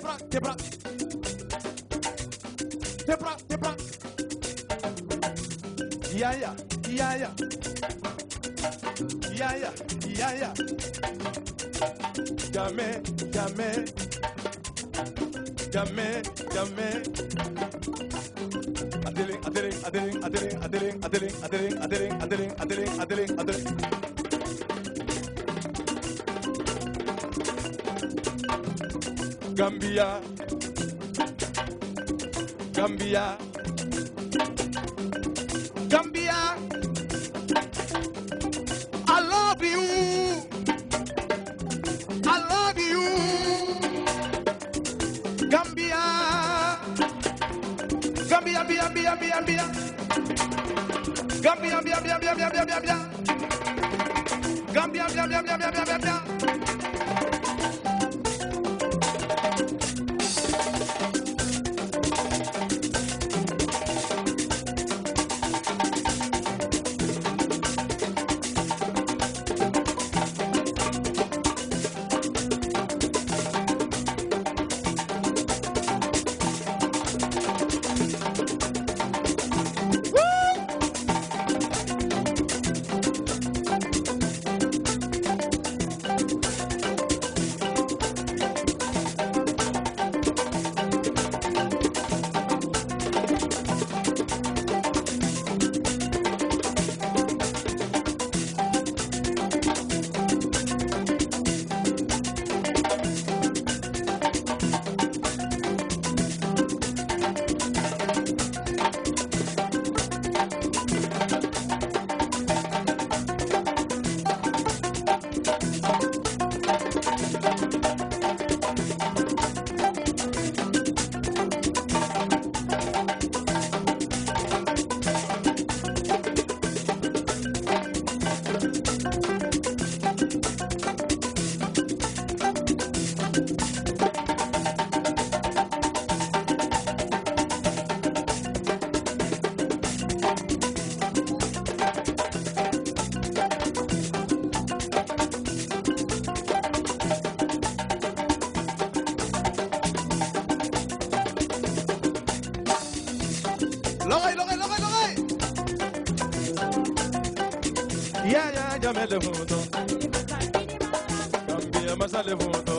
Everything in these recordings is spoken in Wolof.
Quebra, quebra. Quebra, quebra. Yeah, yeah, yeah, yeah. Yeah, yeah, yeah, yeah. Jamais, jamais. Jamais, jamais. Adeling, adeling, adeling, adeling, adeling, adeling, adeling, adeling, adeling, adeling, adeling, adeling. Gambia, Gambia, Gambia. I love you. I love you. Gambia, Gambia, bia, bia, bia, bia, Gambia, bia, bia, bia, bia, bia. Gambia, bia, Gambia, bia, bia, bia, bia, bia, bia. jamele foto Gambia masale foto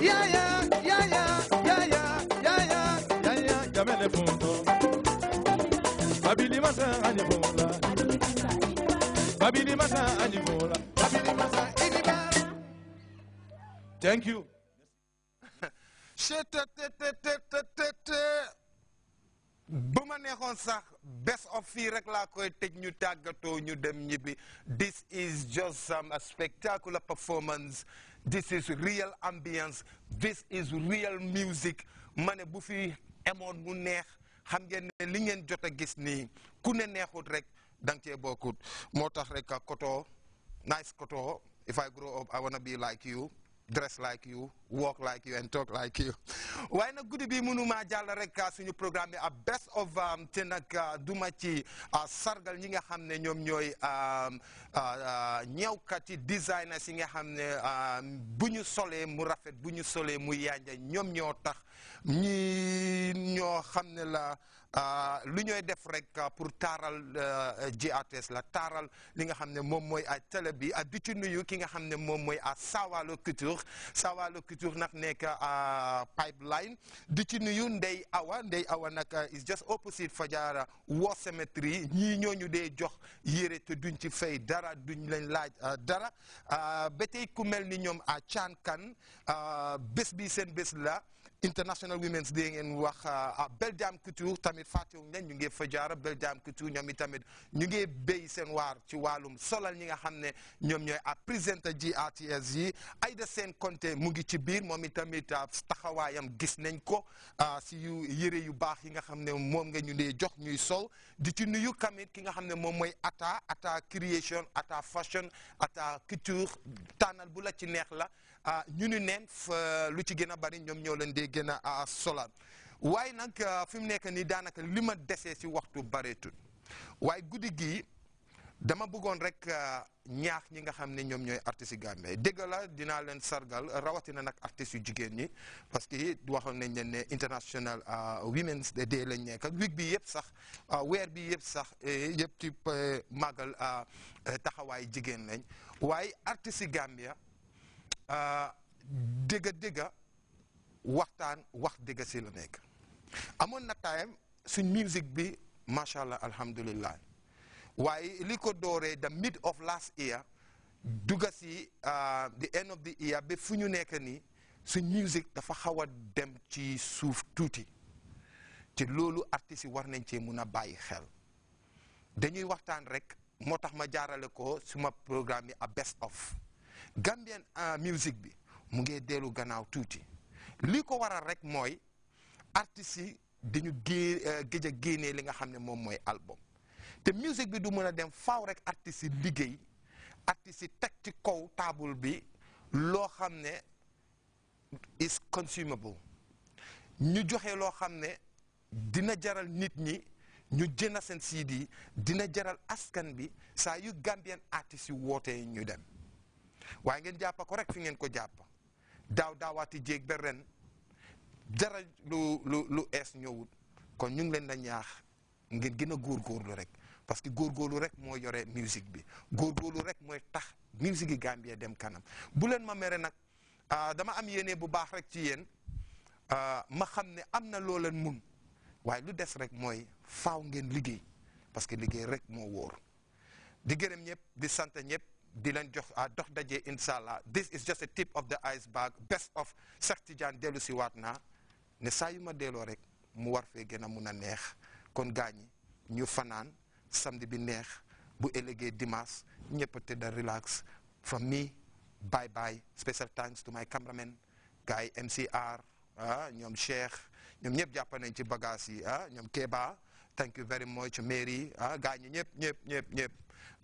Ya ya ya ya ya ya ya ya ya ya jamele foto Babili masa anibola Babili masa anibola Babili masa anibola Thank you. Shit, bu ma neexoon sax best of fii rek laa koy tëj ñu tàggatoo ñu dem ñibbi this is just some a spectacular performance this is real ambiance. this is real music Mane ne bu fi emoon mu neex xam ngeen ne li ngeen jot a gis nii ku ne neexut rek da nga cee bokkut rek Koto nice Koto if I grow up I wanna be like you dress like you walk like you and talk like you waaye nag guddi bi mënumaa jàll rek ah, suñu programme bi a ah, best of ah, te nag duma ci sargal ñi nga xam ne ñoom ñooy ñëwkat yi designers yi nga xam ne bu ñu solee mu rafet bu ñu solee mu yànja ñoom ñoo tax ñi ñoo xam ne la Euh, lu ñooy def rek euh, pour taaral euh, GRTS la taaral li nga xam ne moom mooy a tele bi di ci nuyu ki nga xam ne moom mooy a Sawaalo Couture Sawaalo Couture nag nekk pipeline di ci nuyu Ndey Awa Ndey Awa nag is just opposite Fajara War Cemetery ñii ñu dee jox yére te duñ ci fay dara duñ leen laaj dara ba tey ku mel ni ñoom a Caan Kan bés bi seen bés la International Women's Day ngeen wax euh, Belgium Couture tamit fàttewuñ leen ñu ngi fa jaara Belgium Couture ñoom i tamit ñu ngi béy seen waar ci wàllum solal ñi nga xam ne ñoom ñooy a présenter ji ATS yi Aïda Sène Konté mu ngi ci biir moom i tamit euh, taxawaayam gis nañ ko euh, si yu yëre yu baax yi nga xam ne moom nga ñu ne jox ñuy sol di ci nuyu tamit ki nga xam ne moom mooy Ata Ata Creation Ata Fashion Ata Couture tànnal bu la ci neex la ah ñu ni neen eh, lu ci gën a bari ñoom ñoo leen dee gën a ah, solal waaye nag eh, fi mu nekk nii daanaka li ma desee si waxtu bareetul waaye guddi gii dama bëggoon rek eh, ñaax ñi nga xam ne ñoom ñooy artistes yi Gambie dégg la dinaa leen sargal rawatina nag artistes yu jigéen ñi parce que waxoon nañ leen ne international ah, women's day lañ nekk ak week bi yëpp sax ah, weer bi yëpp sax yëpp ci màggal taxawaay jigéen lañ waaye artistes yi Gambie dégga euh, dégga waxtaan wax dégga si la nekk amoon na time suñ musique bi macha allah alhamdulillah waaye li ko dooree the mid of last year dugga si euh, the end of the year ba fu ñu nekk nii suñ musique dafa xaw a dem ci suuf tuuti te loolu artistes yi war nañ ci mun a bàyyi xel dañuy waxtaan rek moo tax ma jaarale ko suma programme yi a best of Gambian uh, music bi mu ngee dellu gannaaw tuuti lii ko waral rek mooy artistes yi dañu gée uh, géej a génnee li nga xam ne moom mooy album te music bi du mën a dem faw rek artistes yi liggéey artistes yi teg ci kaw taabul bi loo xam ne is consumable ñu joxe loo xam ne dina jaral nit ñi ñu jënd seen CD dina jaral askan bi saa yu Gambian artistes yi wootee ñu dem. waaye ngeen jàppa ko rek fi ngeen ko jàpp daaw daawaati jéeg ba ren dara lu lu lu ees ñëwut kon ñu ngi leen da ñaax ngeen gën a góor góorgóorlu rek parce que góor góorgóorlu rek moo yore musique bi góorgóorlu rek mooy tax musique yi Gambie dem kanam bu leen ma mere nag ah, dama am yéene bu baax rek ci yéen ah, ma xam ne am na loo leen mun waaye lu des rek mooy faaw ngeen liggéey parce que liggéey rek moo wóor di gërëm ñëpp di sant ñëpp. di leen jox ah, dox daje this is just a tip of the iceberg best of Cheikh Tidiane dellu ne sayuma delorek ma delloo rek mu war fee gën a neex kon gani ñu fanaan samedi bi neex bu ëllëgee dimanche ñëpp relax from me bye bye special thanks to my cameraman guy MCR ah ñoom Cheikh ñoom ñëpp jàpp nañ ci bagage yi ah Kéba thank you very much Mary ah gars ñëpp ñëpp ñëpp ñëpp.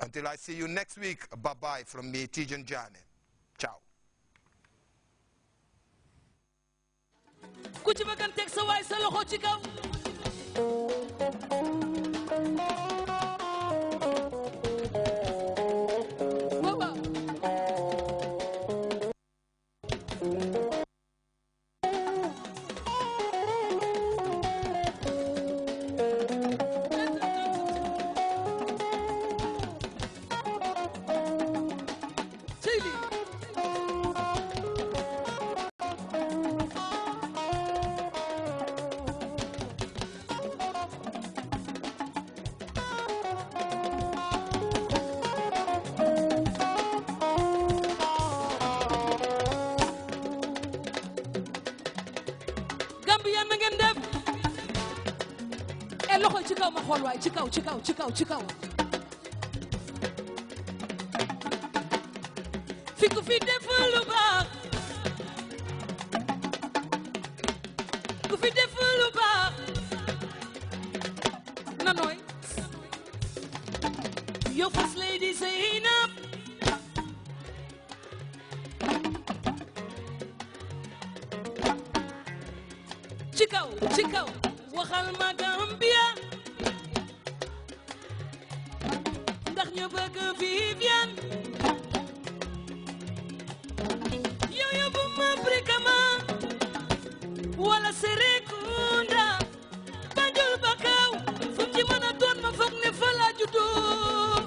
Until I see you next week, bye-bye from me, Tijan Jani. Ciao. lamb yéen na ngeen def e loxo ci kaw ma xool waay ci kaw ci kaw fi ku fi def lu ku fi def lu na nooy yow fas lay di say na ma Gambia ndax ñu bëgg Viviane yow yóbbu ma Brikama wala Serekunda Banjul ba kaw fu mu ci mën a doon ma foog ne fa laa juddoo